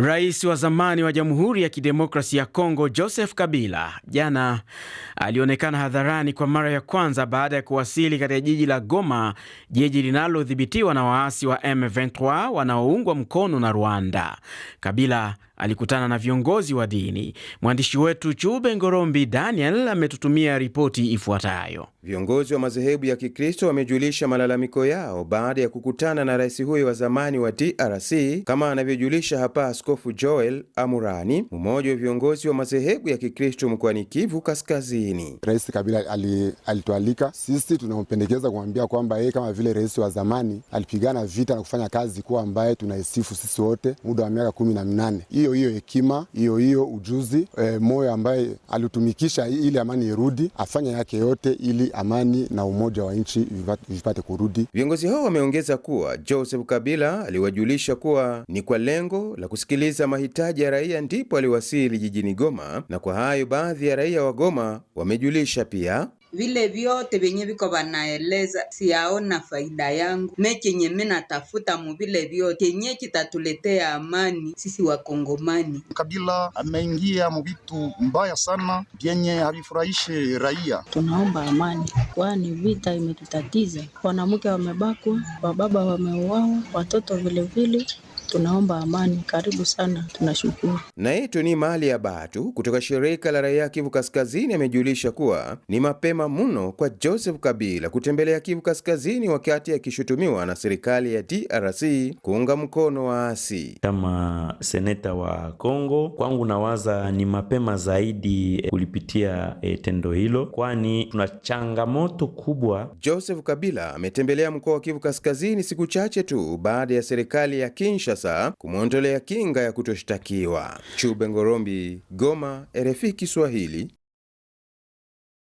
Rais wa zamani wa Jamhuri ya Kidemokrasi ya Kongo Joseph Kabila jana alionekana hadharani kwa mara ya kwanza baada ya kuwasili katika jiji la Goma, jiji linalodhibitiwa na waasi wa M23 wanaoungwa mkono na Rwanda. Kabila alikutana na viongozi wa dini. Mwandishi wetu Chube Ngorombi Daniel ametutumia ripoti ifuatayo. Viongozi wa madhehebu ya Kikristo wamejulisha malalamiko yao baada ya kukutana na rais huyo wa zamani wa DRC, kama anavyojulisha hapa Askofu Joel Amurani, mmoja wa viongozi wa madhehebu ya Kikristo mkoani Kivu Kaskazini. Rais Kabila ali, sisi, tunampendekeza kumwambia kwamba yeye kama vile rais wa zamani alipigana vita na kufanya kazi kuwa ambaye tunaisifu sisi wote muda wa miaka kumi na minane, hiyo hiyo hekima hiyo hiyo ujuzi e, moyo ambaye alitumikisha ili amani irudi, afanya yake yote ili amani na umoja wa nchi vipate kurudi. Viongozi hao wameongeza kuwa Joseph Kabila aliwajulisha kuwa ni kwa lengo la kusikiliza mahitaji ya raia ndipo aliwasili jijini Goma, na kwa hayo baadhi ya raia wa Goma wamejulisha pia vile vyote vyenye viko vanaeleza, siyaona faida yangu me chenye minatafuta muvile vyote chenye kitatuletea amani sisi Wakongomani. Kabila ameingia muvitu mbaya sana vyenye havifurahishe raia. Tunaomba amani, kwani vita imetutatiza. Wanamke wamebakwa, wababa wameuawa, watoto vilevile vile tunaomba amani. Karibu sana, tunashukuru. Naye Toni Mali ya Batu kutoka shirika la raia Kivu Kaskazini amejulisha kuwa ni mapema mno kwa Joseph Kabila kutembelea Kivu Kaskazini wakati akishutumiwa na serikali ya DRC kuunga mkono waasi. Kama seneta wa Kongo, kwangu nawaza ni mapema zaidi eh, kulipitia eh, tendo hilo, kwani tuna changamoto kubwa. Joseph Kabila ametembelea mkoa wa Kivu Kaskazini siku chache tu baada ya serikali ya Kinshasa sasa kumwondolea kinga ya kutoshtakiwa. Chube Ngorombi, Goma, RFI Kiswahili.